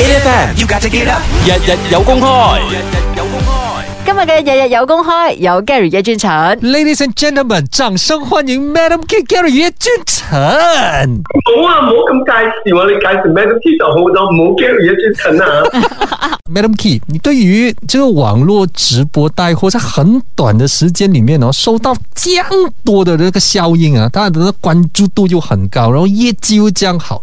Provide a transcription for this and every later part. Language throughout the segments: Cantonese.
You got to get up，日日有公開，今日嘅日日有公開有 Gary 嘅專場。Ladies and gentlemen，掌聲歡迎 Madam Kee Gary 葉俊岑。唔好啊，唔好咁介紹喎，你介紹 Madam Kee 就 hold 到冇 Gary 葉俊岑啦。Madam Kee，你對於這個網絡直播帶貨，在很短的時間裏面哦，收到咁多的這個效應啊，大家的關注度又很高，然後業績又咁好。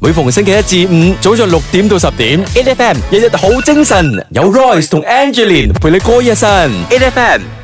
每逢星期一至五，早上六點到十點，A F M 日日好精神，有 Royce 同 Angeline 陪你過一晨，A F M。ATFM